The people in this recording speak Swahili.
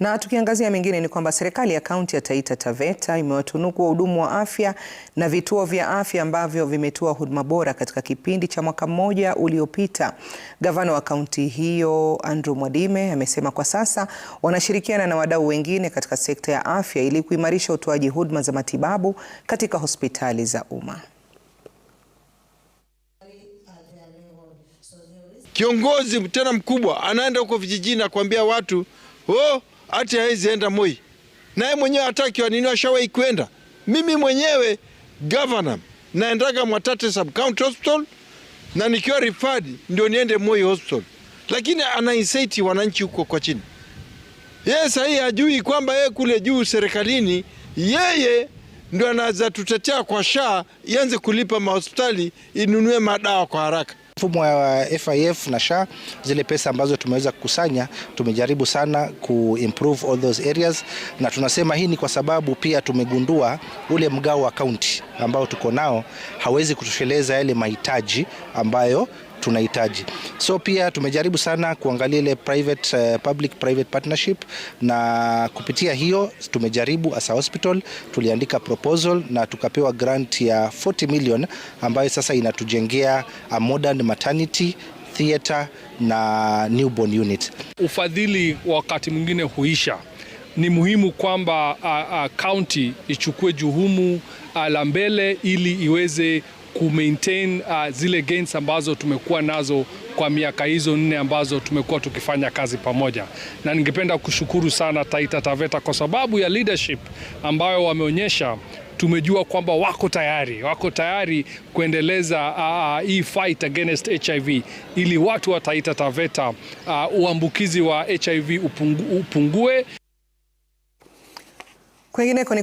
Na tukiangazia mengine ni kwamba serikali ya kaunti ya Taita Taveta imewatunuku wahudumu wa afya na vituo vya afya ambavyo vimetoa huduma bora katika kipindi cha mwaka mmoja uliopita. Gavana wa kaunti hiyo Andrew Mwadime amesema kwa sasa wanashirikiana na wadau wengine katika sekta ya afya ili kuimarisha utoaji huduma za matibabu katika hospitali za umma. Kiongozi tena mkubwa anaenda huko vijijini na kuambia watu oh, hati hawezi enda Moi, naye mwenyewe hataki wanini, washawahi kwenda. Mimi mwenyewe governor naendaga Mwatate sub county hospital na nikiwa referred ndio niende Moi hospital, lakini anainsaiti wananchi huko kwa chini. Yeye sahii hajui kwamba yeye kule juu serikalini yeye ndio anaweza tutetea kwa shaa ianze kulipa mahospitali inunue madawa kwa haraka. Mfumo wa FIF na SHA, zile pesa ambazo tumeweza kukusanya, tumejaribu sana kuimprove all those areas, na tunasema hii ni kwa sababu pia tumegundua ule mgao wa kaunti ambao tuko nao hawezi kutosheleza yale mahitaji ambayo tunahitaji. So pia tumejaribu sana kuangalia ile private, uh, public private partnership, na kupitia hiyo tumejaribu as a hospital tuliandika proposal na tukapewa grant ya 40 million ambayo sasa inatujengea a modern maternity theater na newborn unit. Ufadhili wakati mwingine huisha ni muhimu kwamba kaunti ichukue juhumu la mbele ili iweze ku uh, zile gains ambazo tumekuwa nazo kwa miaka hizo nne ambazo tumekuwa tukifanya kazi pamoja, na ningependa kushukuru sana Taita Taveta kwa sababu ya leadership ambayo wameonyesha. Tumejua kwamba wako tayari, wako tayari kuendeleza uh, hii fight against HIV ili watu wa Taita Taveta uh, uambukizi wa HIV upungu, upungue. Kwingineko ni